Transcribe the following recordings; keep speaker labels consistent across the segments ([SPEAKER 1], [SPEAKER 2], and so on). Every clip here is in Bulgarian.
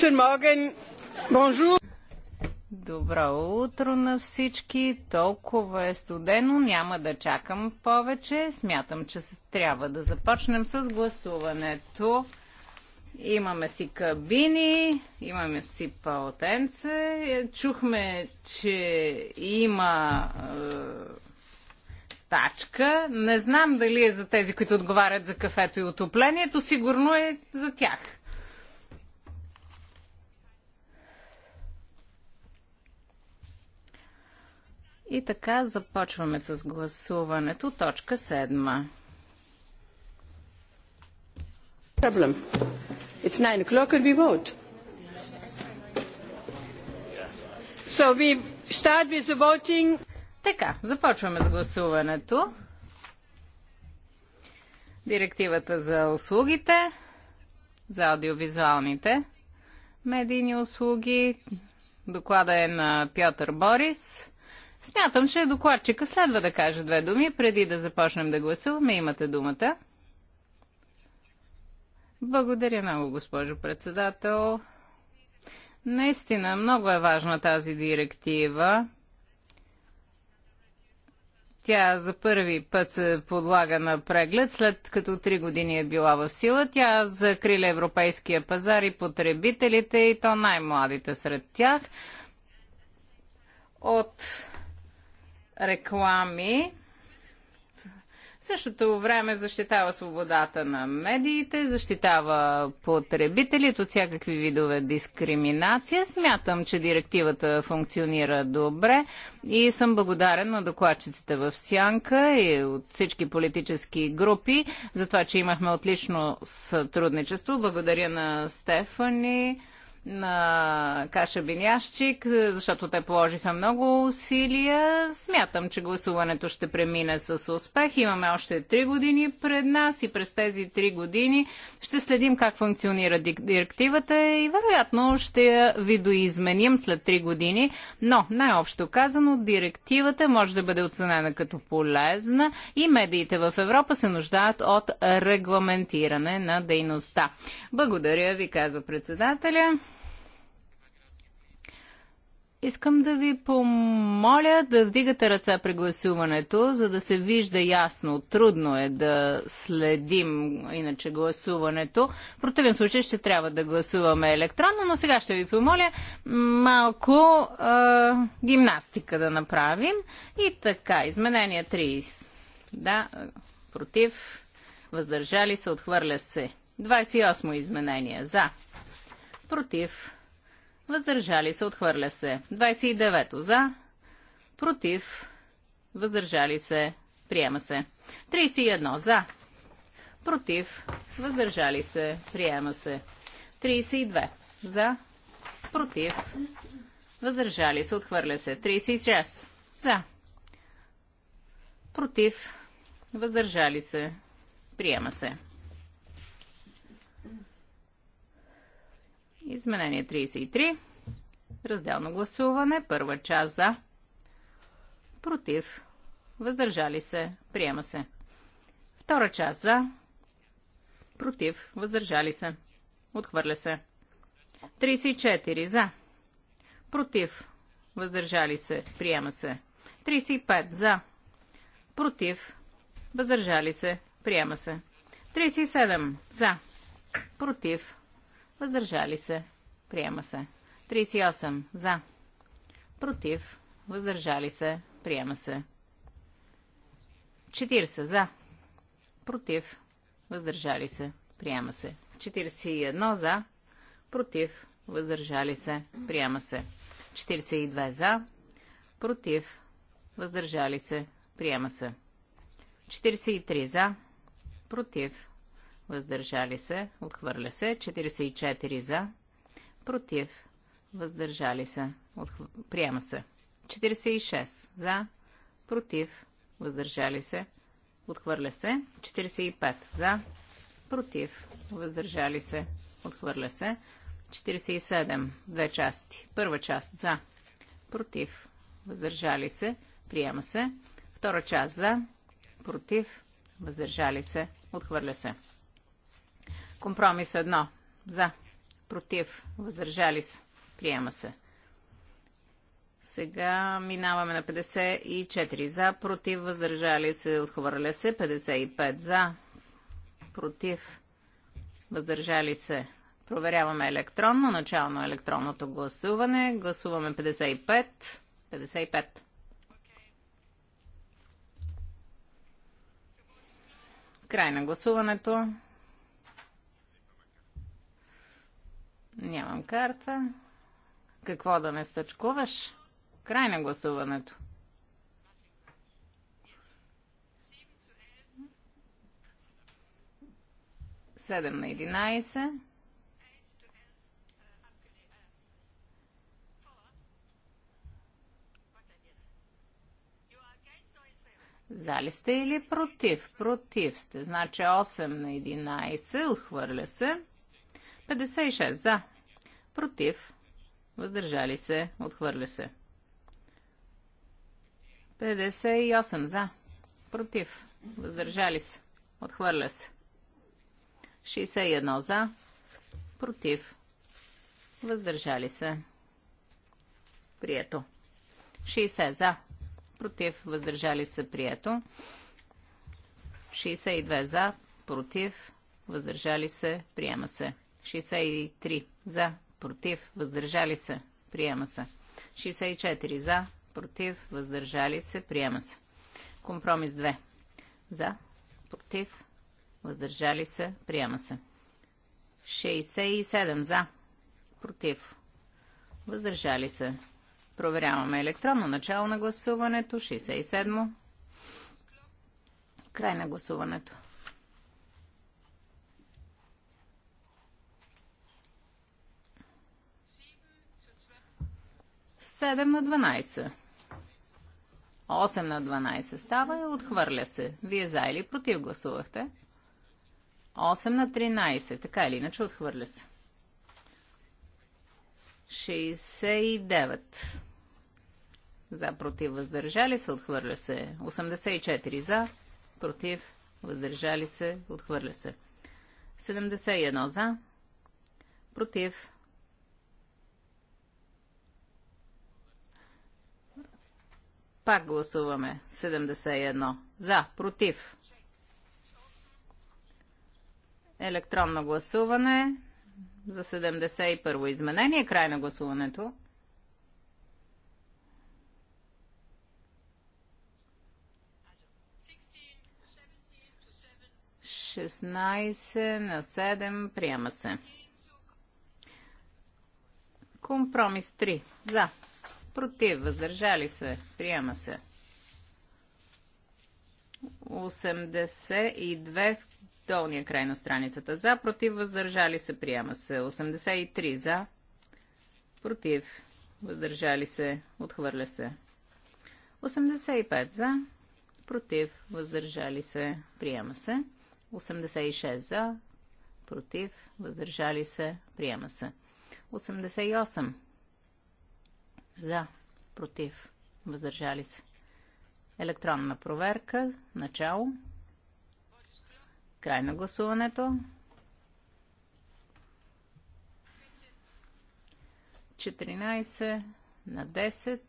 [SPEAKER 1] Guten Morgen. Bonjour.
[SPEAKER 2] Добро утро на всички. Толкова е студено, няма да чакам повече. Смятам, че трябва да започнем с гласуването. Имаме си кабини, имаме си палтенце. Е, чухме, че има е, стачка. Не знам дали е за тези, които отговарят за кафето и отоплението. Сигурно е за тях. И така започваме с гласуването. Точка 7. Проблем. It's 9 o'clock and we vote. So we start with the voting. Така, започваме с гласуването. Директивата за услугите, за аудиовизуалните медийни услуги. Доклада е на Пьотър Борис. Смятам, че докладчика следва да каже две думи, преди да започнем да гласуваме. Имате думата. Благодаря много, госпожо председател. Наистина, много е важна тази директива. Тя за първи път се подлага на преглед, след като три години е била в сила. Тя закриля европейския пазар и потребителите, и то най-младите сред тях. От реклами. В същото време защитава свободата на медиите, защитава потребителите от всякакви видове дискриминация. Смятам, че директивата функционира добре и съм благодарен на докладчиците в Сянка и от всички политически групи за това, че имахме отлично сътрудничество. Благодаря на Стефани на Каша Бинящик, защото те положиха много усилия. Смятам, че гласуването ще премине с успех. Имаме още три години пред нас и през тези три години ще следим как функционира директивата и вероятно ще я видоизменим след три години. Но, най-общо казано, директивата може да бъде оценена като полезна и медиите в Европа се нуждаят от регламентиране на дейността. Благодаря ви, казва председателя. Искам да ви помоля да вдигате ръца при гласуването, за да се вижда ясно. Трудно е да следим иначе гласуването. В противен случай ще трябва да гласуваме електронно, но сега ще ви помоля малко а, гимнастика да направим. И така, изменение 30. Да, против, въздържали се, отхвърля се. 28 изменение. За. Против въздържали се, отхвърля се. 29 за, против, въздържали се, приема се. 31 за, против, въздържали се, приема се. 32 за, против, въздържали се, отхвърля се. 36 за, против, въздържали се, приема се. Изменение 33. Разделно гласуване. Първа част за. Против. Въздържали се. Приема се. Втора част за. Против. Въздържали се. Отхвърля се. 34 за. Против. Въздържали се. Приема се. 35 за. Против. Въздържали се. Приема се. 37 за. Против. Въздържали се. Приема се. 38. За. Против. Въздържали се. Приема се. 40. За. Против. Въздържали се. Приема се. 41. За. Против. Въздържали се. Приема се. 42. За. Против. Въздържали се. Приема се. 43. За. Против въздържали се, отхвърля се. 44 за, против, въздържали се, отхв... приема се. 46 за, против, въздържали се, отхвърля се. 45 за, против, въздържали се, отхвърля се. 47, две части. Първа част за, против, въздържали се, приема се. Втора част за, против, въздържали се, отхвърля се. Компромис 1. За. Против. Въздържали се. Приема се. Сега минаваме на 54 за, против, въздържали се, отхвърля се, 55 за, против, въздържали се. Проверяваме електронно, начало на електронното гласуване. Гласуваме 55. 55. Край на гласуването. Нямам карта. Какво да не стъчкуваш? Край на гласуването. Седем на единайсе. За ли сте или против? Против сте. Значи 8 на 11. Отхвърля се. 56 за. Против. Въздържали се. Отхвърля се. 58 за. Против. Въздържали се. Отхвърля се. 61 за. Против. Въздържали се. Прието. 60 за. Против. Въздържали се. Прието. 62 за. Против. Въздържали се. Приема се. 63 за, против, въздържали се, приема се. 64 за, против, въздържали се, приема се. Компромис 2 за, против, въздържали се, приема се. 67 за, против, въздържали се. Проверяваме електронно начало на гласуването. 67. Край на гласуването. 7 на 12. 8 на 12 става и отхвърля се. Вие за или против гласувахте? 8 на 13, така или иначе отхвърля се. 69. За против въздържали се, отхвърля се. 84 за, против въздържали се, отхвърля се. 71 за, против Пак гласуваме 71. За, против. Електронно гласуване за 71 изменение. Край на гласуването. на 7 приема се. Компромис 3. За против, въздържали се, приема се. 82 в долния край на страницата за, против, въздържали се, приема се. 83 за, против, въздържали се, отхвърля се. 85 за, против, въздържали се, приема се. 86 за, против, въздържали се, приема се. 88 за. Против. Въздържали се. Електронна проверка. Начало. Край на гласуването. 14 на 10.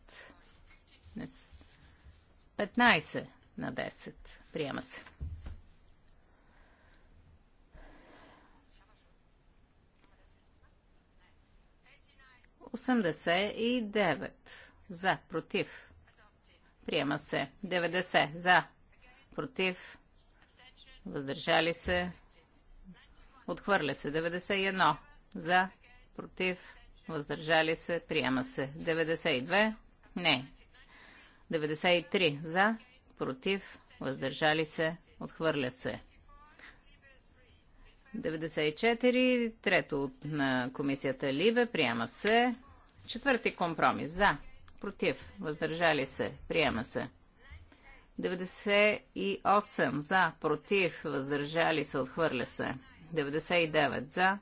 [SPEAKER 2] 15 на 10. Приема се. 89 за, против. Приема се. 90 за, против. Въздържали се. Отхвърля се. 91 за, против. Въздържали се. Приема се. 92. Не. 93 за, против. Въздържали се. Отхвърля се. 94, трето от на комисията Либе, приема се. Четвърти компромис, за, против, въздържали се, приема се. 98, за, против, въздържали се, отхвърля се. 99, за,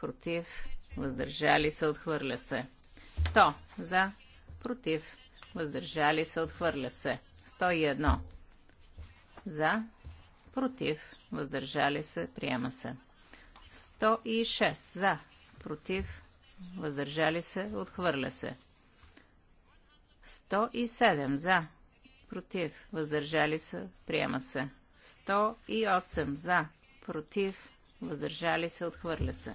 [SPEAKER 2] против, въздържали се, отхвърля се. 100, за, против, въздържали се, отхвърля се. 101, за, против, въздържали се, приема се. 106 за, против, въздържали се, отхвърля се. 107 за, против, въздържали се, приема се. 108 за, против, въздържали се, отхвърля се.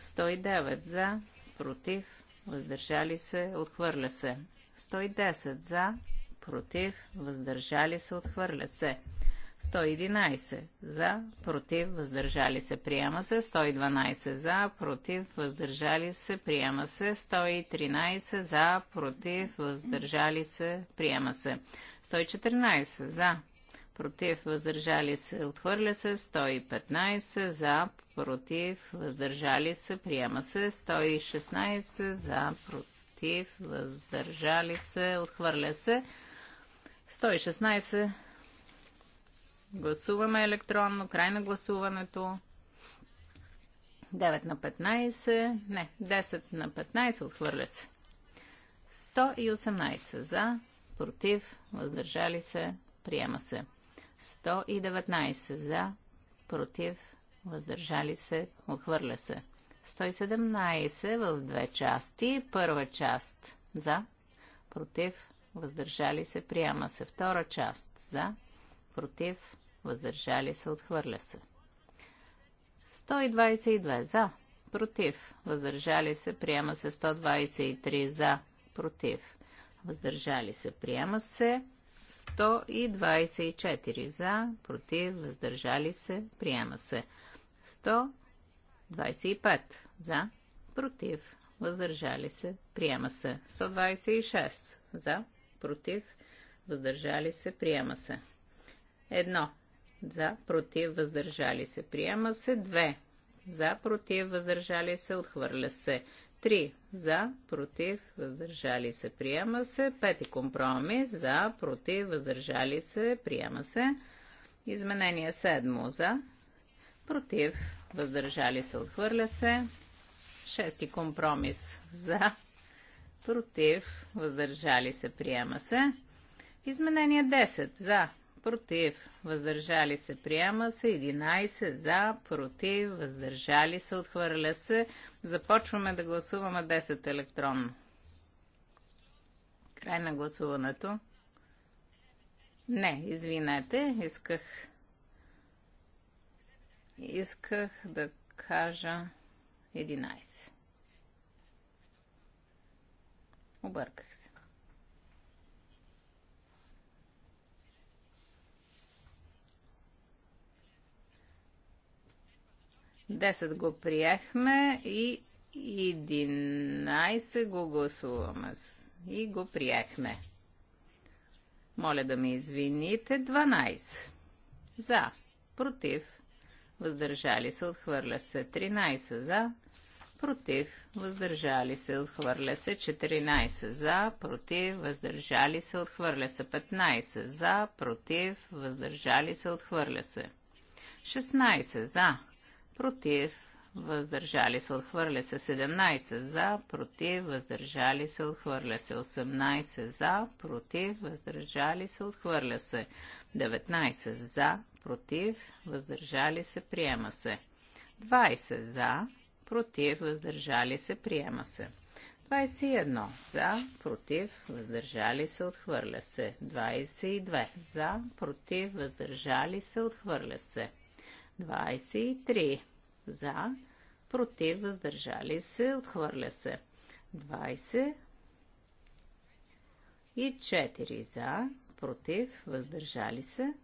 [SPEAKER 2] 109 за, против, въздържали се, отхвърля се. 110 за, против, въздържали се, отхвърля се. 111 за, против, въздържали се, приема се. 112 за, против, въздържали се, приема се. 113 за, против, въздържали се, приема се. 114 за, против, въздържали се, отхвърля се. 115 за, против, въздържали се, приема се. 116 за, против, въздържали се, отхвърля се. 116 Гласуваме електронно. Край на гласуването. 9 на 15. Не, 10 на 15. Отхвърля се. 118 за, против, въздържали се, приема се. 119 за, против, въздържали се, отхвърля се. 117 в две части. Първа част за, против, въздържали се, приема се. Втора част за, против, въздържали се, отхвърля се. 122 за, против, въздържали се, приема се 123 за, против, въздържали се, приема се 124 за, против, въздържали се, приема се 125 за, против, въздържали се, приема се 126 за, против, въздържали се, приема се Едно. За, против, въздържали се. Приема се. Две. За, против, въздържали се. Отхвърля се. 3. За, против, въздържали се, приема се. Пети компромис. За, против, въздържали се, приема се. Изменение седмо За, против, въздържали се, отхвърля се. Шести компромис. За, против, въздържали се, приема се. Изменение 10. За, против, въздържали се, приема се, 11 за, против, въздържали се, отхвърля се. Започваме да гласуваме 10 електронно. Край на гласуването. Не, извинете, исках исках да кажа 11. Обърках се. 10 го приехме и 11 го гласуваме. И го приехме. Моля да ме извините. 12. За. Против. Въздържали се. Отхвърля се. 13. За. Против. Въздържали се. Отхвърля се. 14. За. Против. Въздържали се. Отхвърля се. 15. За. Против. Въздържали се. Отхвърля се. 16. За против, въздържали се, отхвърля се 17 за, против, въздържали се, отхвърля се 18 за, против, въздържали се, отхвърля се 19 за, против, въздържали се, приема се 20 за, против, въздържали се, приема се 21 за, против, въздържали се, отхвърля се 22 за, против, въздържали се, отхвърля се 23 за, против, въздържали се, отхвърля се. 20 и 4 за, против, въздържали се,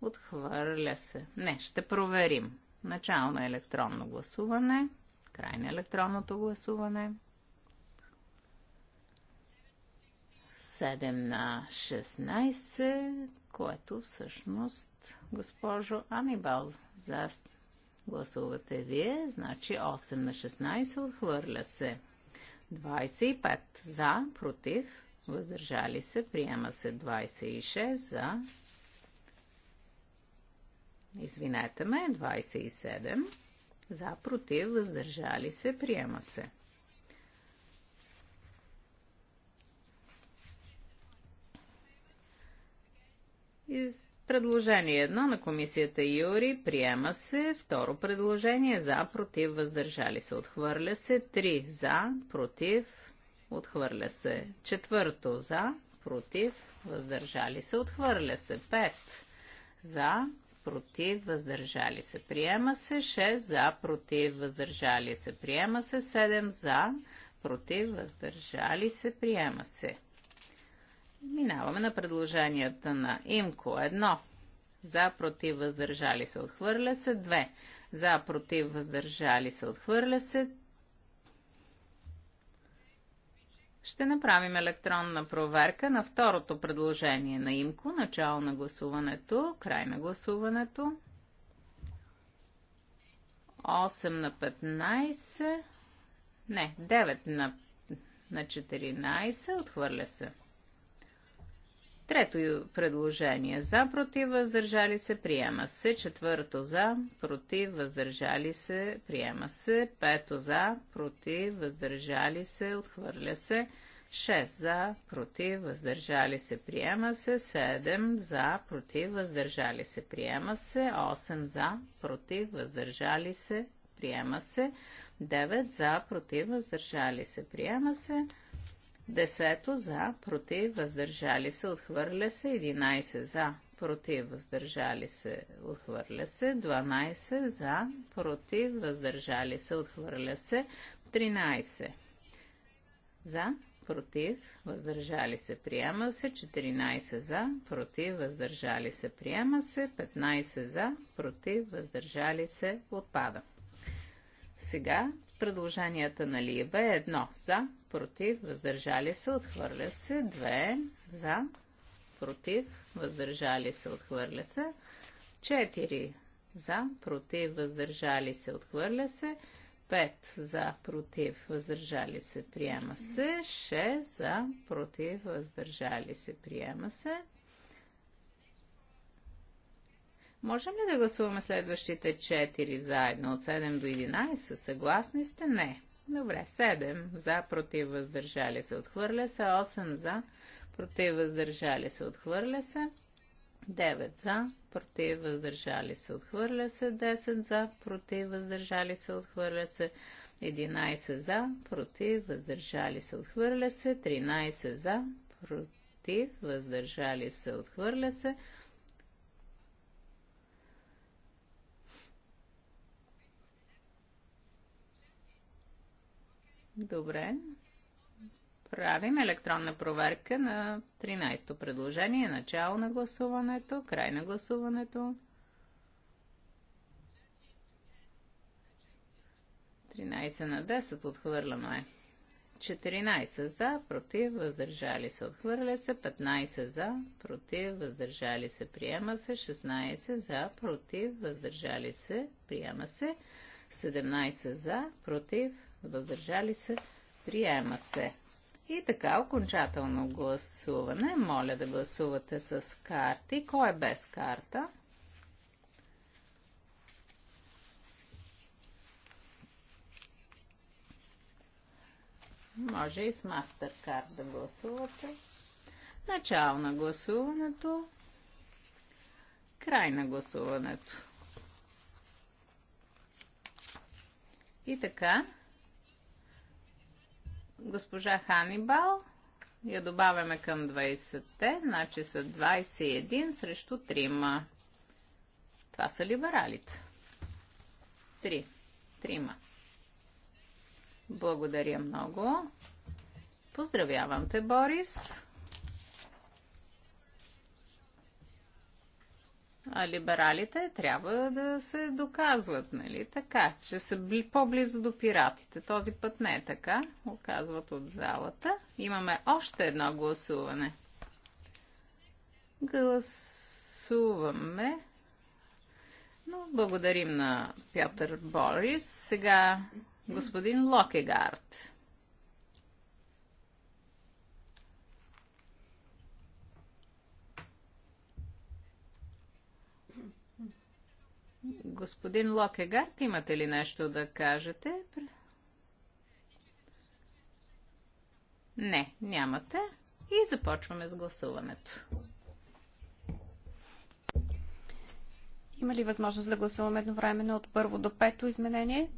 [SPEAKER 2] отхвърля се. Не, ще проверим. Начало на електронно гласуване, край на електронното гласуване. 7 на 16, което всъщност, госпожо Анибал, за гласувате вие, значи 8 на 16 отхвърля се. 25 за, против, въздържали се, приема се 26 за, извинете ме, 27 за, против, въздържали се, приема се. Из предложение едно на комисията Юри приема се. Второ предложение за, против, въздържали се, отхвърля се. Три за, против, отхвърля се. Четвърто за, против, въздържали се, отхвърля се. Пет за, против, въздържали се, приема се. 6 за, против, въздържали се, приема се. 7 за, против, въздържали се, приема се. Минаваме на предложенията на ИМКО. 1. За, против, въздържали се, отхвърля се. 2. За, против, въздържали се, отхвърля се. Ще направим електронна проверка на второто предложение на ИМКО. Начало на гласуването, край на гласуването. 8 на 15. Не, 9 на, на 14. Отхвърля се. Трето предложение за, против, въздържали се, приема се. Четвърто за, против, въздържали се, приема се. Пето за, против, въздържали се, отхвърля се. 6 за, против, въздържали се, приема се. седем за, против, въздържали се, приема се. 8 за, против, въздържали се, приема се. Девет за, против, въздържали се, приема се. Десето за, против, въздържали се, отхвърля се. 11 за, против, въздържали се, отхвърля се. 12 за, против, въздържали се, отхвърля се. 13 за, против, въздържали се, приема се, 14 за, против, въздържали се, приема се, 15 за, против, въздържали се, отпада. Сега предложенията на Либа е 1 за, против, въздържали се, отхвърля се. 2 за, против, въздържали се, отхвърля се. 4 за, против, въздържали се, отхвърля се. 5 за, против, въздържали се, приема се. 6 за, против, въздържали се, приема се. Можем ли да гласуваме следващите 4 заедно от 7 до 11? Съгласни сте? Не. Добре, 7 за, против, въздържали се, отхвърля се. 8 за, против, въздържали се, отхвърля се. 9 за, против, въздържали се, отхвърля се. 10 за, против, въздържали се, отхвърля се. 11 за, против, въздържали се, отхвърля се. 13 за, против, въздържали се, отхвърля се. Добре. Правим електронна проверка на 13-то предложение. Начало на гласуването, край на гласуването. 13 на 10 отхвърлено е. 14 за, против, въздържали се, отхвърля се, 15 за, против, въздържали се, приема се, 16 за, против, въздържали се, приема се, 17 за, против, въздържали се, приема се. И така, окончателно гласуване. Моля да гласувате с карти. Кой е без карта? Може и с MasterCard да гласувате. Начало на гласуването. Край на гласуването. И така, Госпожа Ханибал я добавяме към 20-те, значи са 21 срещу 3. Това са либералите. 3. 3. Благодаря много. Поздравявам те, Борис. А либералите трябва да се доказват, нали? Така, че са по-близо до пиратите. Този път не е така, оказват от залата. Имаме още едно гласуване. Гласуваме. Но благодарим на Пятър Борис. Сега господин Локегард. Господин Локегард, имате ли нещо да кажете? Не, нямате. И започваме с гласуването.
[SPEAKER 3] Има ли възможност да гласуваме едновременно от първо до пето изменение?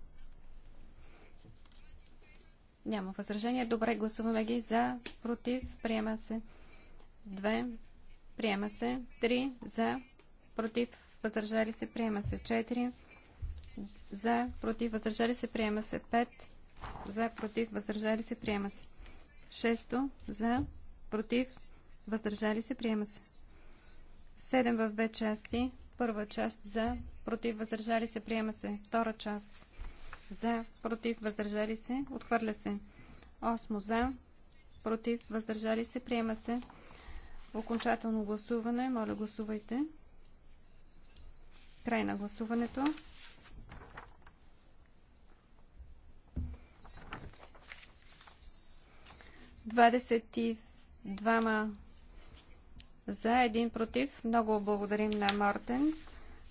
[SPEAKER 3] Няма възражение. Добре, гласуваме ги за, против, приема се. Две, приема се. Три, за, против, въздържали се, приема се 4, за, против, въздържали се, приема се 5, за, против, въздържали се, приема се 6, за, против, въздържали се, приема се 7 в две части, първа част за, против, въздържали се, приема се втора част за, против, въздържали се, отхвърля се 8 за, против, въздържали се, приема се окончателно гласуване, моля гласувайте. Край на гласуването. Двадесет и двама за, един против. Много благодарим на Мортен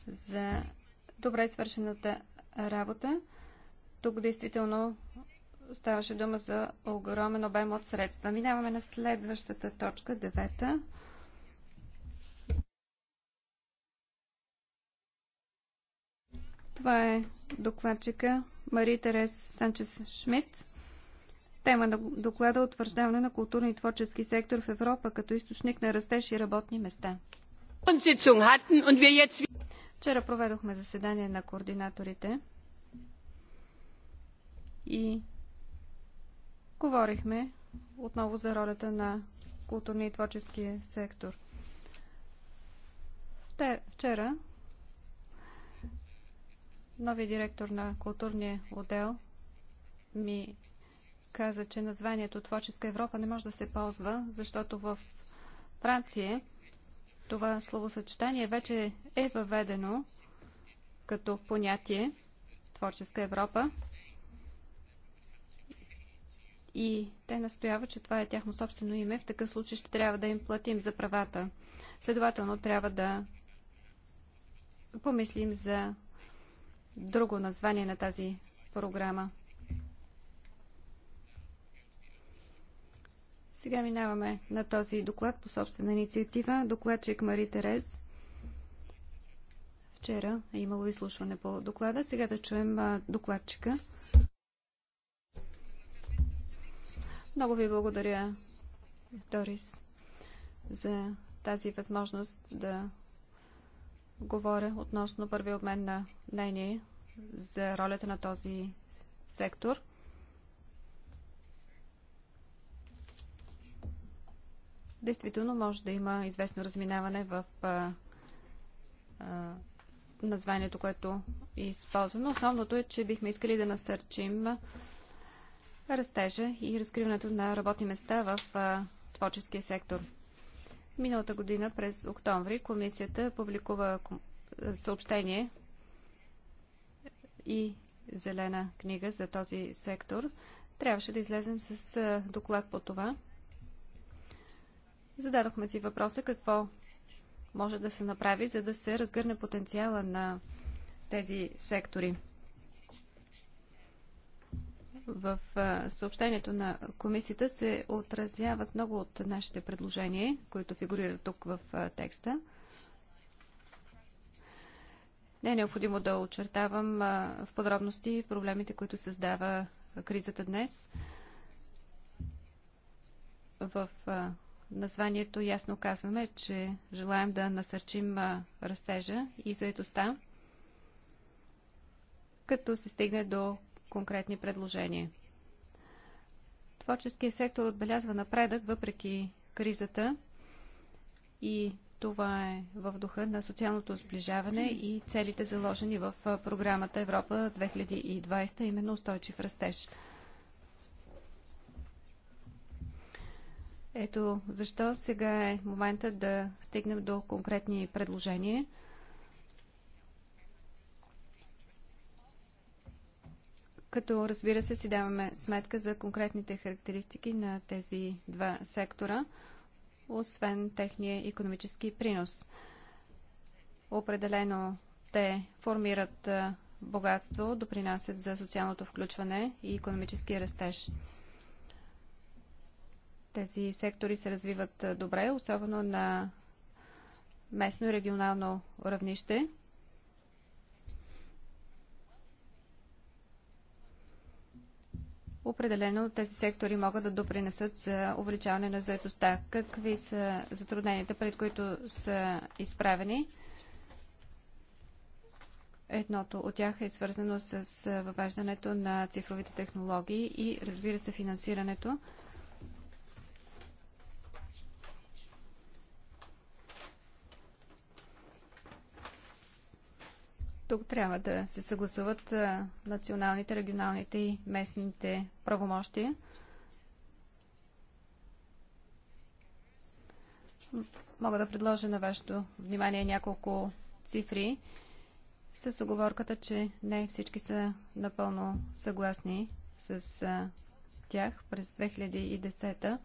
[SPEAKER 3] за добре свършената работа. Тук действително ставаше дума за огромен обем от средства. Минаваме на следващата точка, девета. Това е докладчика Мари Терес Санчес Шмидт. Тема на доклада е утвърждаване на културно и творчески сектор в Европа като източник на растеж и работни места. Вчера проведохме заседание на координаторите и говорихме отново за ролята на културния и творческия сектор. Вчера Новият директор на културния отдел ми каза, че названието Творческа Европа не може да се ползва, защото в Франция това словосъчетание вече е въведено като понятие Творческа Европа. И те настояват, че това е тяхно собствено име. В такъв случай ще трябва да им платим за правата. Следователно трябва да помислим за друго название на тази програма. Сега минаваме на този доклад по собствена инициатива. Докладчик Мари Терез. Вчера е имало изслушване по доклада. Сега да чуем докладчика. Много ви благодаря, Дорис, за тази възможност да говоря относно първи обмен на мнение за ролята на този сектор. Действително може да има известно разминаване в а, а, названието, което е използвано. Основното е, че бихме искали да насърчим растежа и разкриването на работни места в а, творческия сектор. Миналата година през октомври комисията публикува съобщение и зелена книга за този сектор. Трябваше да излезем с доклад по това. Зададохме си въпроса какво може да се направи, за да се разгърне потенциала на тези сектори. В съобщението на комисията се отразяват много от нашите предложения, които фигурират тук в текста. Не е необходимо да очертавам в подробности проблемите, които създава кризата днес. В названието ясно казваме, че желаем да насърчим растежа и заедостта, като се стигне до конкретни предложения. Творческият сектор отбелязва напредък въпреки кризата и това е в духа на социалното сближаване и целите заложени в програмата Европа 2020, именно устойчив растеж. Ето защо сега е момента да стигнем до конкретни предложения – като разбира се си даваме сметка за конкретните характеристики на тези два сектора, освен техния економически принос. Определено те формират богатство, допринасят за социалното включване и економически растеж. Тези сектори се развиват добре, особено на местно и регионално равнище – определено тези сектори могат да допринесат за увеличаване на заетостта. Какви са затрудненията, пред които са изправени? Едното от тях е свързано с въвеждането на цифровите технологии и, разбира се, финансирането тук трябва да се съгласуват националните, регионалните и местните правомощия. Мога да предложа на вашето внимание няколко цифри с оговорката, че не всички са напълно съгласни с тях през 2010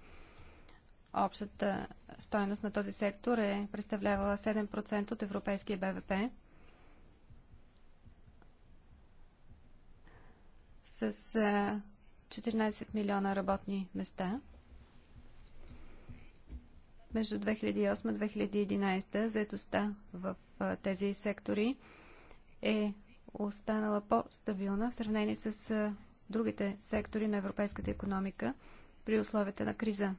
[SPEAKER 3] Общата стойност на този сектор е представлявала 7% от европейския БВП. с 14 милиона работни места между 2008-2011 заедостта в тези сектори е останала по-стабилна в сравнение с другите сектори на европейската економика при условията на криза.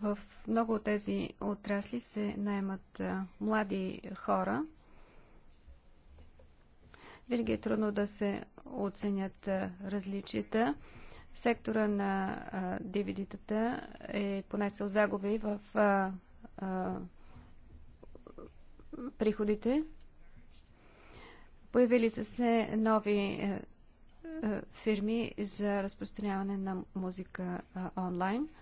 [SPEAKER 3] В много от тези отрасли се наемат млади хора – винаги е трудно да се оценят различията. Сектора на дивидитата е понесъл загуби в а, а, приходите. Появили са се нови фирми за разпространяване на музика онлайн –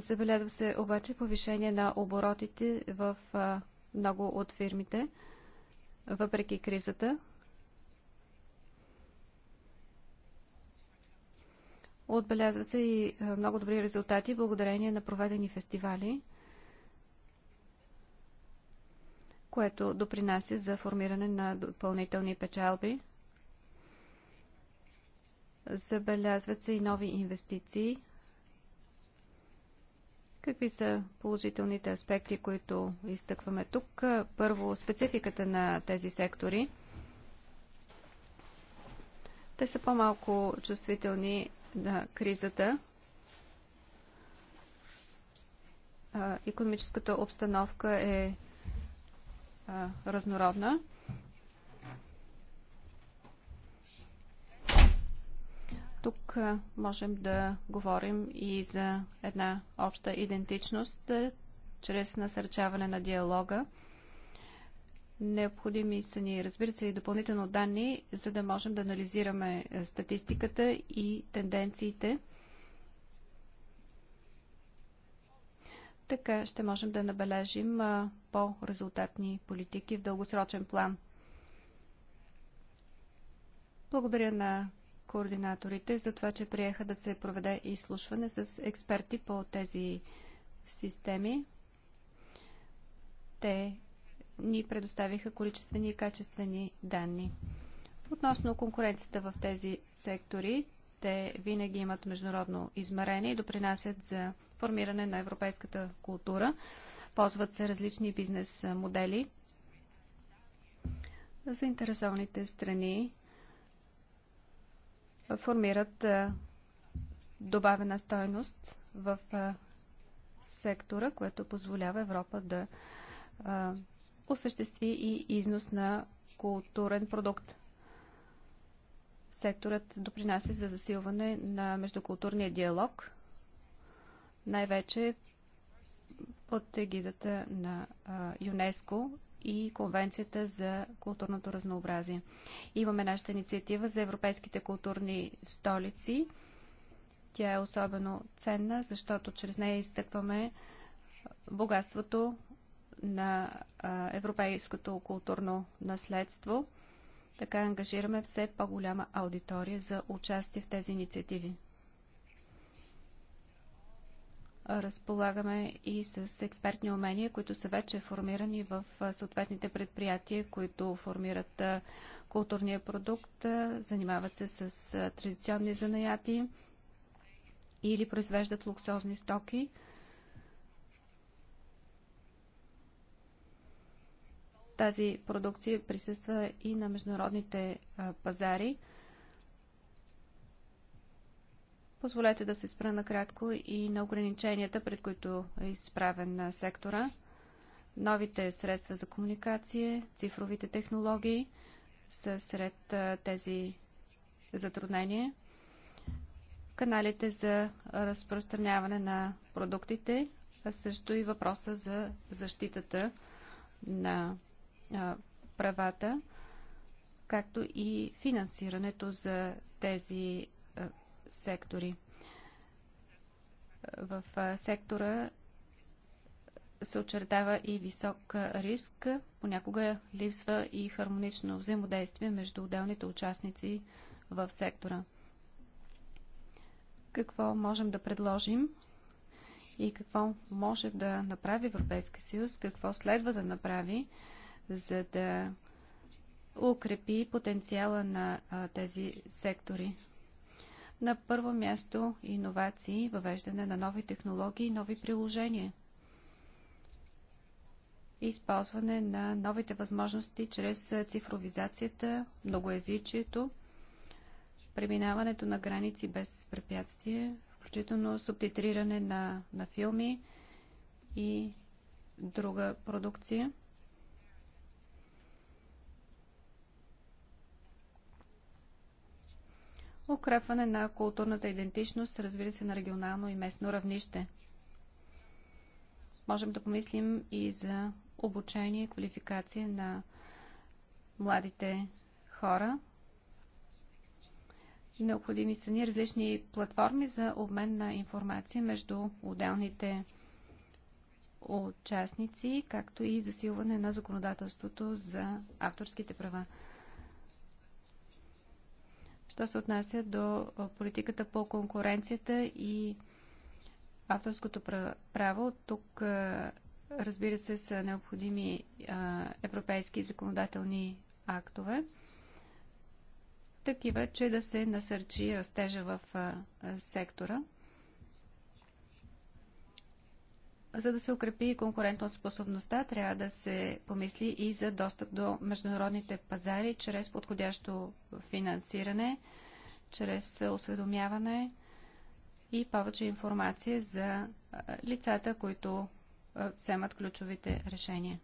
[SPEAKER 3] Забелязва се обаче повишение на оборотите в много от фирмите, въпреки кризата. Отбелязват се и много добри резултати благодарение на проведени фестивали, което допринася за формиране на допълнителни печалби. Забелязват се и нови инвестиции – Какви са положителните аспекти, които изтъкваме тук? Първо, спецификата на тези сектори. Те са по-малко чувствителни на кризата. Економическата обстановка е разнородна. Тук можем да говорим и за една обща идентичност чрез насърчаване на диалога. Необходими са ни, разбира се, и допълнително данни, за да можем да анализираме статистиката и тенденциите. Така ще можем да набележим по-резултатни политики в дългосрочен план. Благодаря на координаторите за това, че приеха да се проведе изслушване с експерти по тези системи. Те ни предоставиха количествени и качествени данни. Относно конкуренцията в тези сектори, те винаги имат международно измерение и допринасят за формиране на европейската култура. Ползват се различни бизнес модели. Заинтересованите страни формират добавена стойност в сектора, което позволява Европа да осъществи и износ на културен продукт. Секторът допринася за засилване на междукултурния диалог, най-вече под егидата на ЮНЕСКО и Конвенцията за културното разнообразие. Имаме нашата инициатива за европейските културни столици. Тя е особено ценна, защото чрез нея изтъкваме богатството на европейското културно наследство. Така ангажираме все по-голяма аудитория за участие в тези инициативи разполагаме и с експертни умения, които са вече формирани в съответните предприятия, които формират културния продукт, занимават се с традиционни занаяти или произвеждат луксозни стоки. Тази продукция присъства и на международните пазари – Позволете да се спра накратко и на ограниченията, пред които е изправен на сектора. Новите средства за комуникация, цифровите технологии са сред тези затруднения. Каналите за разпространяване на продуктите, а също и въпроса за защитата на правата, както и финансирането за тези сектори. В сектора се очертава и висок риск. Понякога липсва и хармонично взаимодействие между отделните участници в сектора. Какво можем да предложим и какво може да направи Европейския съюз, какво следва да направи, за да укрепи потенциала на а, тези сектори. На първо място иновации, въвеждане на нови технологии и нови приложения. Използване на новите възможности чрез цифровизацията, многоязичието, преминаването на граници без препятствие, включително субтитриране на, на филми и друга продукция – укрепване на културната идентичност, разбира се, на регионално и местно равнище. Можем да помислим и за обучение и квалификация на младите хора. Необходими са ни различни платформи за обмен на информация между отделните участници, както и засилване на законодателството за авторските права що се отнася до политиката по конкуренцията и авторското право. Тук, разбира се, са необходими европейски законодателни актове, такива, че да се насърчи растежа в сектора. За да се укрепи конкурентоспособността, трябва да се помисли и за достъп до международните пазари чрез подходящо финансиране, чрез осведомяване и повече информация за лицата, които вземат ключовите решения.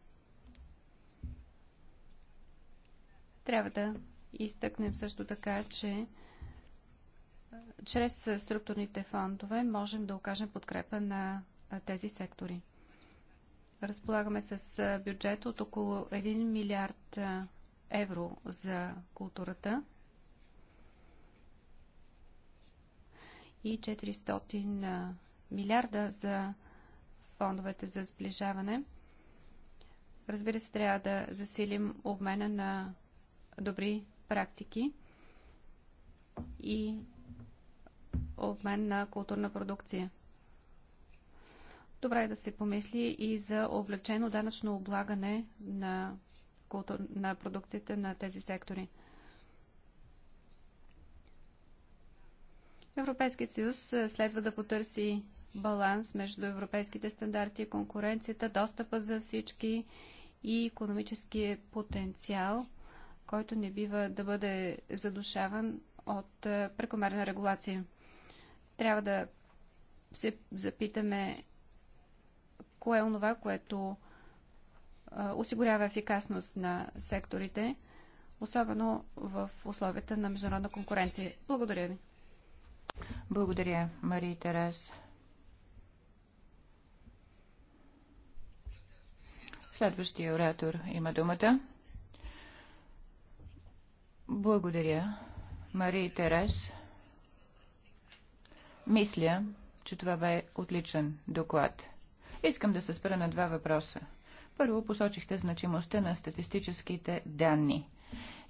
[SPEAKER 3] Трябва да изтъкнем също така, че чрез структурните фондове можем да окажем подкрепа на тези сектори. Разполагаме с бюджет от около 1 милиард евро за културата и 400 милиарда за фондовете за сближаване. Разбира се, трябва да засилим обмена на добри практики и обмен на културна продукция. Добре е да се помисли и за облегчено данъчно облагане на, култур... на продукцията на тези сектори. Европейският съюз е, следва да потърси баланс между европейските стандарти, конкуренцията, достъпа за всички и економическия потенциал, който не бива да бъде задушаван от е, прекомерна регулация. Трябва да се запитаме кое е онова, което осигурява ефикасност на секторите, особено в условията на международна конкуренция. Благодаря ви. Благодаря, Мария Терес.
[SPEAKER 1] Следващия оратор има думата. Благодаря, Мария Терес. Мисля, че това бе отличен доклад. Искам да се спра на два въпроса. Първо посочихте значимостта на статистическите данни.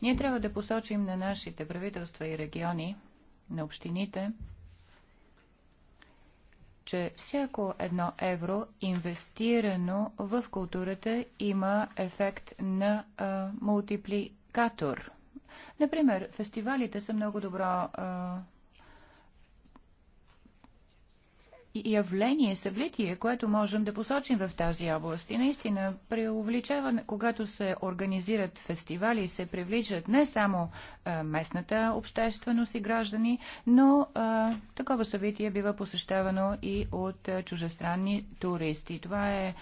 [SPEAKER 1] Ние трябва да посочим на нашите правителства и региони, на общините, че всяко едно евро, инвестирано в културата, има ефект на а, мултипликатор. Например, фестивалите са много добро а, явление, събитие, което можем да посочим в тази област. И наистина преувеличава, когато се организират фестивали, се привличат не само а, местната общественост и граждани, но а, такова събитие бива посещавано и от а, чужестранни туристи. Това е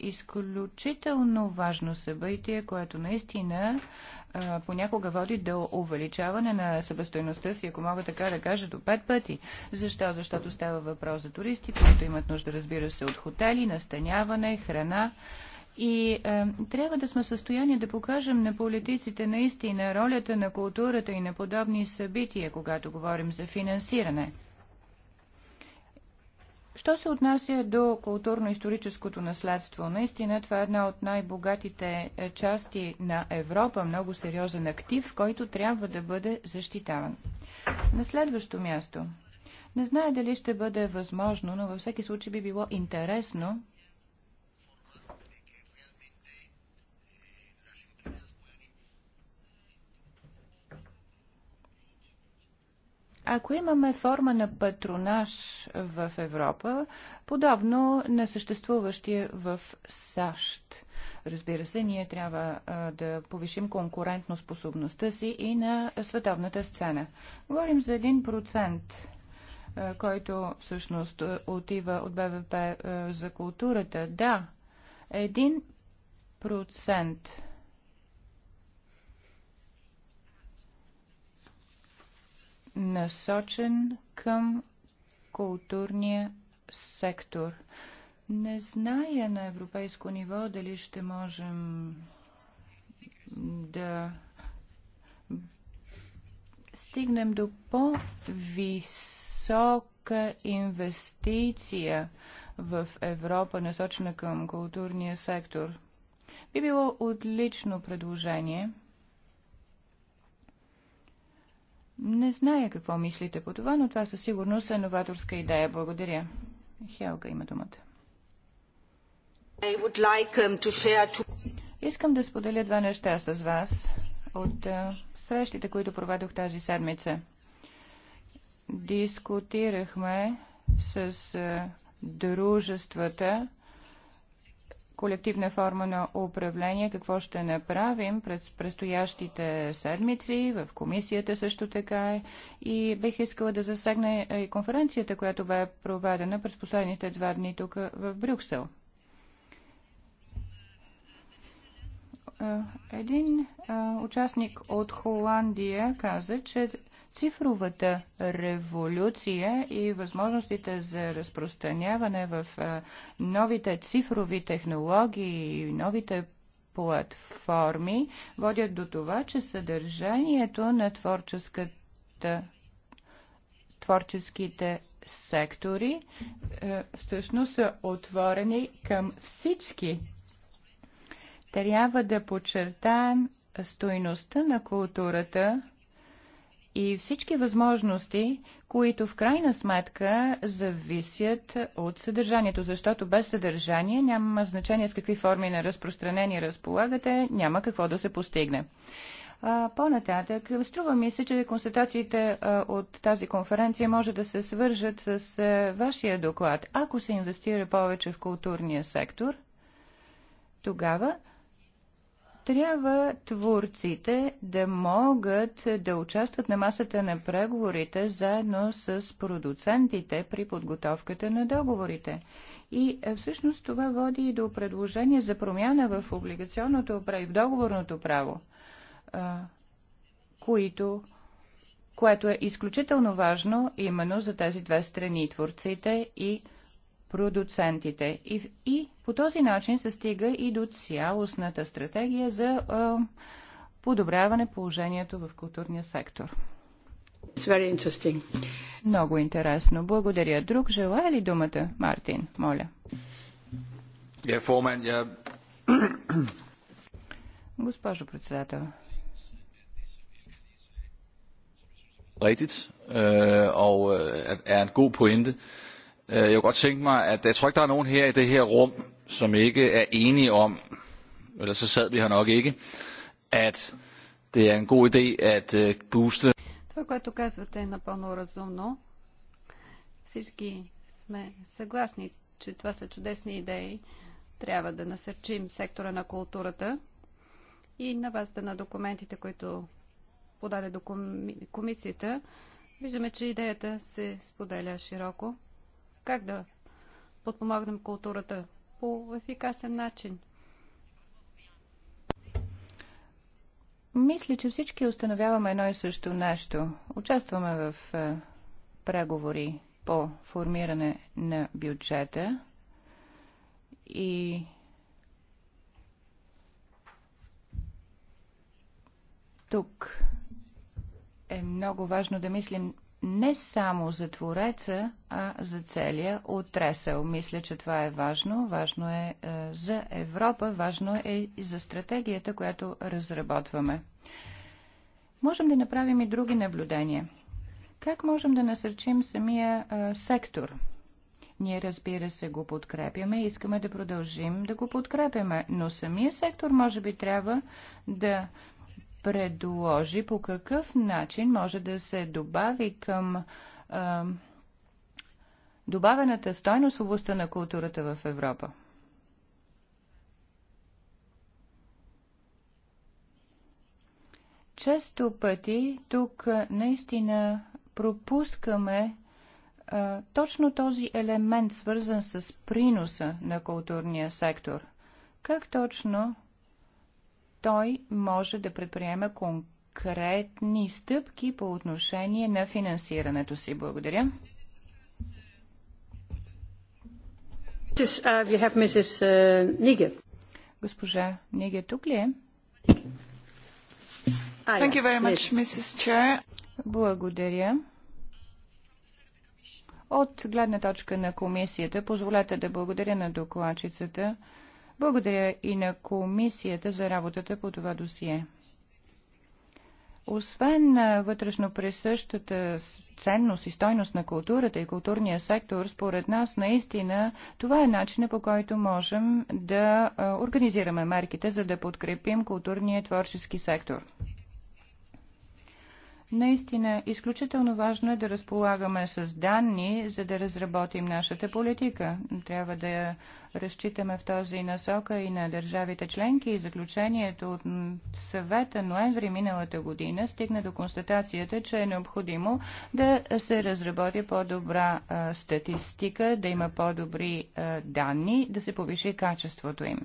[SPEAKER 1] изключително важно събитие, което наистина понякога води до увеличаване на събестойността си, ако мога така да кажа, до пет пъти. Защо? Защото става въпрос за туристи, които имат нужда, разбира се, от хотели, настаняване, храна. И е, трябва да сме в състояние да покажем на политиците наистина ролята на културата и на подобни събития, когато говорим за финансиране. Що се отнася до културно-историческото наследство, наистина това е една от най-богатите е, части на Европа, много сериозен актив, който трябва да бъде защитаван. На следващо място. Не зная дали ще бъде възможно, но във всеки случай би било интересно Ако имаме форма на патронаж в Европа, подобно на съществуващия в САЩ. Разбира се, ние трябва а, да повишим конкурентно способността си и на световната сцена. Говорим за 1%, а, който всъщност отива от БВП а, за културата. Да, 1% насочен към културния сектор. Не зная на европейско ниво дали ще можем да стигнем до по-висока инвестиция в Европа, насочена към културния сектор. Би било отлично предложение – Не зная какво мислите по това, но това със сигурност е новаторска идея. Благодаря. Хелга има думата. Like um, to to... Искам да споделя два неща с вас от срещите, които проведох тази седмица. Дискутирахме с дружествата колективна форма на управление, какво ще направим пред предстоящите седмици, в комисията също така. Е. И бих искала да засегна и конференцията, която бе проведена през последните два дни тук в Брюксел. Е, един е, участник от Холандия каза, че цифровата революция и възможностите за разпространяване в новите цифрови технологии и новите платформи водят до това, че съдържанието на творческата, творческите сектори е, всъщност са отворени към всички. Трябва да подчертаем стойността на културата – и всички възможности, които в крайна сметка зависят от съдържанието, защото без съдържание няма значение с какви форми на разпространение разполагате, няма какво да се постигне. По-нататък, струва ми се, че констатациите от тази конференция може да се свържат с вашия доклад. Ако се инвестира повече в културния сектор, тогава трябва творците да могат да участват на масата на преговорите заедно с продуцентите при подготовката на договорите. И е, всъщност това води и до предложение за промяна в облигационното право и в договорното право, които, което е изключително важно именно за тези две страни, творците и творците продуцентите. И, и по този начин се стига и до цялостната стратегия за а, подобряване положението в културния сектор. Много интересно. Благодаря. Друг желая ли думата? Мартин, моля.
[SPEAKER 3] Yeah, foreman, yeah.
[SPEAKER 1] Госпожо председател.
[SPEAKER 3] Rigtigt, Uh, og uh, er en
[SPEAKER 1] god pointe. Øh, jeg kunne godt tænke mig, at jeg tror ikke, der er nogen her i det her rum, som ikke er enige om, eller så sad vi her nok ikke, at det er en god idé at øh, booste.
[SPEAKER 3] Това, което казвате е напълно разумно. Всички сме съгласни, че това са чудесни идеи. Трябва да насърчим сектора на културата и на базата на документите, които подаде до комисията, виждаме, че идеята се споделя широко как да подпомогнем културата по ефикасен начин. Мисля, че всички
[SPEAKER 1] установяваме едно и също нещо. Участваме в е, преговори по формиране на бюджета и тук е много важно да мислим не само за Твореца, а за целия отресъл. Мисля, че това е важно. Важно е, е за Европа, важно е и за стратегията, която разработваме. Можем да направим и други наблюдения. Как можем да насърчим самия а, е, сектор? Ние, разбира се, го подкрепяме и искаме да продължим да го подкрепяме, но самия сектор може би трябва да предложи по какъв начин може да се добави към а, добавената стойност в областта на културата в Европа. Често пъти тук наистина пропускаме а, точно този елемент, свързан с приноса на културния сектор. Как точно той може да предприема конкретни стъпки по отношение на финансирането си. Благодаря. Uh, uh, Госпожа Ниге тук ли е? Much, Благодаря. От гледна точка на комисията, позволете да благодаря на докладчицата благодаря и на комисията за работата по това досие. Освен вътрешно присъщата ценност и стойност на културата и културния сектор, според нас наистина това е начинът по който можем да организираме мерките, за да подкрепим културния творчески сектор. Наистина, изключително важно е да разполагаме с данни, за да разработим нашата политика. Трябва да я разчитаме в този насока и на държавите членки. И заключението от съвета ноември миналата година стигна до констатацията, че е необходимо да се разработи по-добра статистика, да има по-добри данни, да се повиши качеството им.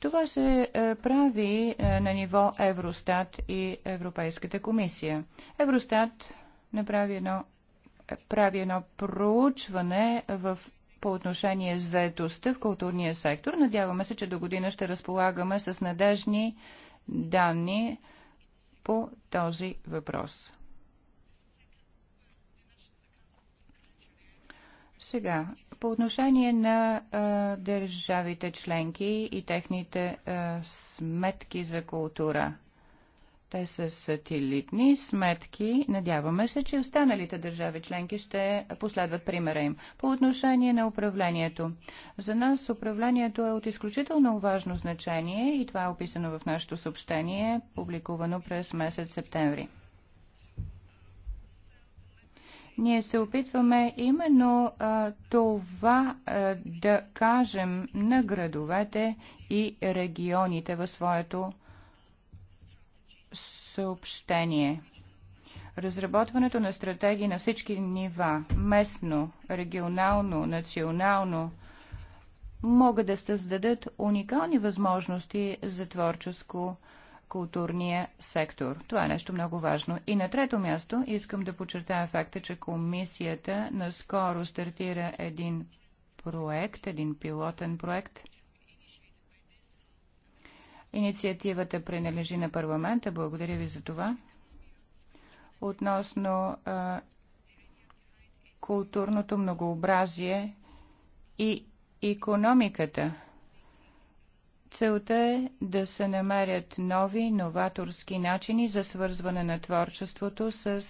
[SPEAKER 1] Това се е, прави е, на ниво Евростат и Европейската комисия. Евростат направи едно, е, прави едно проучване в по отношение заетостта в културния сектор. Надяваме се, че до година ще разполагаме с надежни данни по този въпрос. Сега, по отношение на а, държавите членки и техните а, сметки за култура. Те са сателитни сметки. Надяваме се, че останалите държави членки ще последват примера им. По отношение на управлението. За нас управлението е от изключително важно значение и това е описано в нашето съобщение, публикувано през месец септември. Ние се опитваме именно а, това а, да кажем на градовете и регионите във своето съобщение. Разработването на стратегии на всички нива местно, регионално, национално могат да създадат уникални възможности за творческо културния сектор. Това е нещо много важно. И на трето място искам да подчертая факта, че комисията наскоро стартира един проект, един пилотен проект. Инициативата принадлежи на парламента. Благодаря ви за това. Относно а, културното многообразие и економиката – Целта е да се намерят нови, новаторски начини за свързване на творчеството с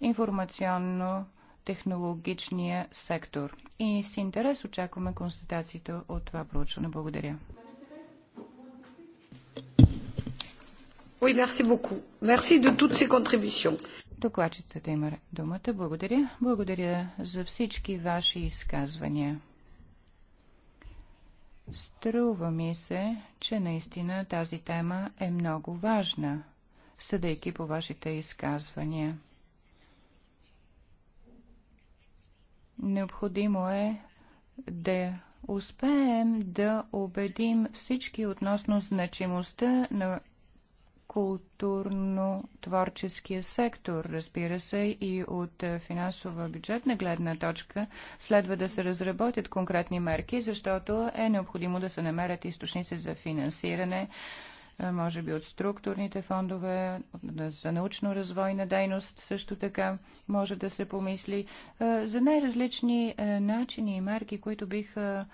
[SPEAKER 1] информационно-технологичния сектор. И с интерес очакваме констатациите от това проучване. Благодаря. Oui, merci beaucoup. Merci de toutes ces contributions. Докладчицата има думата. Благодаря. Благодаря за всички ваши изказвания. Струва ми се, че наистина тази тема е много важна, съдейки по вашите изказвания. Необходимо е да успеем да убедим всички относно значимостта на културно-творческия сектор. Разбира се, и от финансова бюджетна гледна точка следва да се разработят конкретни мерки, защото е необходимо да се намерят източници за финансиране, е, може би от структурните фондове, за научно-развойна дейност също така може да се помисли е, за най-различни е, начини и мерки, които биха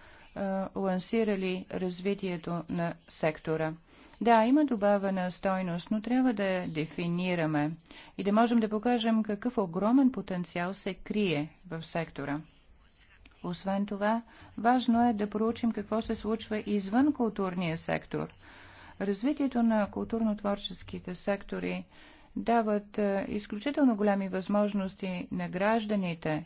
[SPEAKER 1] лансирали развитието на сектора. Да, има добавена стойност, но трябва да я дефинираме и да можем да покажем какъв огромен потенциал се крие в сектора. Освен това, важно е да проучим какво се случва извън културния сектор. Развитието на културно-творческите сектори дават е, изключително големи възможности на гражданите,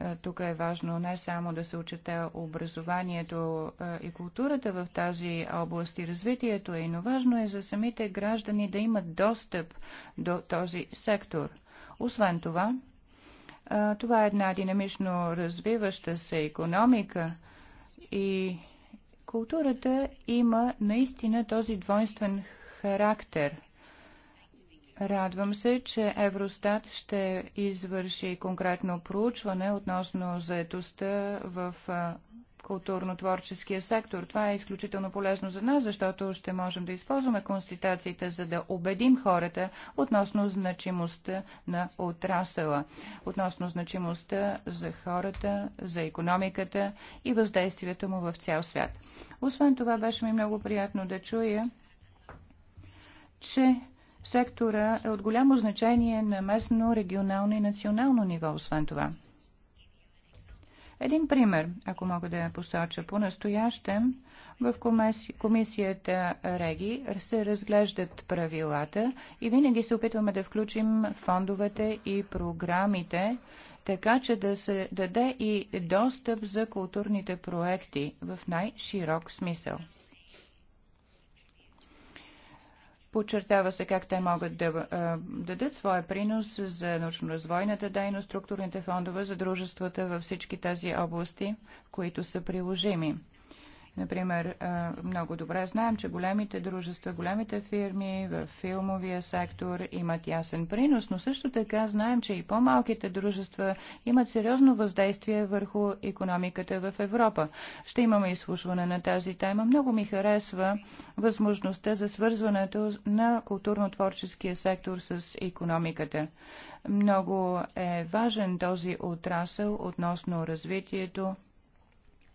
[SPEAKER 1] е, тук е важно не само да се учете образованието е, и културата в тази област и развитието е, но важно е за самите граждани да имат достъп до този сектор. Освен това, е, това е една динамично развиваща се економика и културата има наистина този двойствен характер – Радвам се, че Евростат ще извърши конкретно проучване относно заетостта в културно-творческия сектор. Това е изключително полезно за нас, защото ще можем да използваме конститациите, за да убедим хората относно значимостта на отрасъла, относно значимостта за хората, за економиката и въздействието му в цял свят. Освен това, беше ми много приятно да чуя, че сектора е от голямо значение на местно, регионално и национално ниво, освен това. Един пример, ако мога да посоча. По-настоящем в комисията Реги се разглеждат правилата и винаги се опитваме да включим фондовете и програмите, така че да се даде и достъп за културните проекти в най-широк смисъл. Подчертава се как те могат да дадат своя принос за научно-развойната дейност, структурните фондове за дружествата във всички тези области, които са приложими. Например, много добре знаем, че големите дружества, големите фирми в филмовия сектор имат ясен принос, но също така знаем, че и по-малките дружества имат сериозно въздействие върху економиката в Европа. Ще имаме изслушване на тази тема. Много ми харесва възможността за свързването на културно-творческия сектор с економиката. Много е важен този отрасъл относно развитието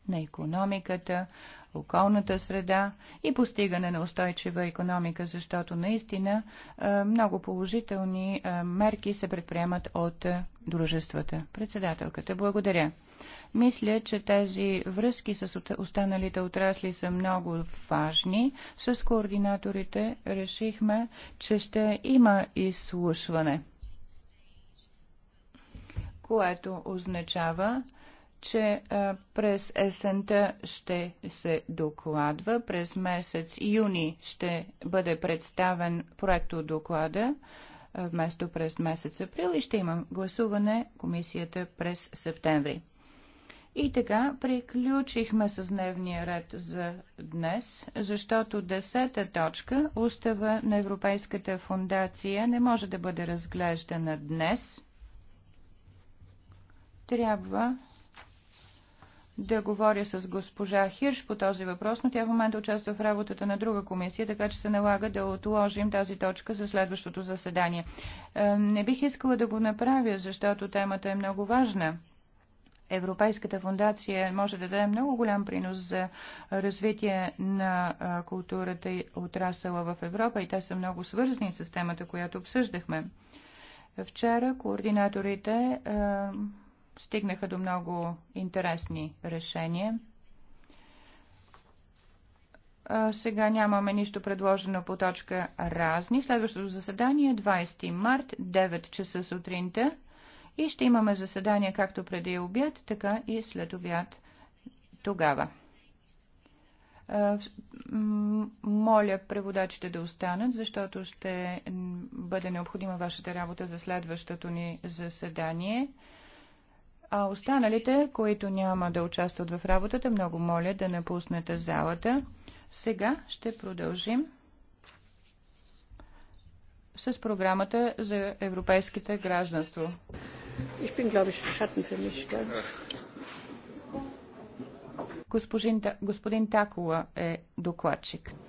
[SPEAKER 1] на економиката, околната среда и постигане на устойчива економика, защото наистина много положителни мерки се предприемат от дружествата. Председателката, благодаря. Мисля, че тези връзки с останалите отрасли са много важни. С координаторите решихме, че ще има изслушване, което означава, че през есента ще се докладва, през месец юни ще бъде представен от доклада, вместо през месец април и ще имам гласуване комисията през септември. И така, приключихме с дневния ред за днес, защото десета точка, устава на Европейската фундация, не може да бъде разглеждана днес. Трябва да говоря с госпожа Хирш по този въпрос, но тя в момента участва в работата на друга комисия, така че се налага да отложим тази точка за следващото заседание. Е, не бих искала да го направя, защото темата е много важна. Европейската фундация може да даде много голям принос за развитие на е, културата и отрасъла в Европа и те са много свързани с темата, която обсъждахме. Вчера координаторите е, стигнаха до много интересни решения. Сега нямаме нищо предложено по точка разни. Следващото заседание е 20 март, 9 часа сутринта. И ще имаме заседания както преди обяд, така и след обяд тогава. Моля преводачите да останат, защото ще бъде необходима вашата работа за следващото ни заседание. А останалите, които няма да участват в работата, много моля да напуснете залата. Сега ще продължим с програмата за европейските гражданство. Ich bin, glaube ich, Schatten für mich, Господин, господин Такова е докладчик.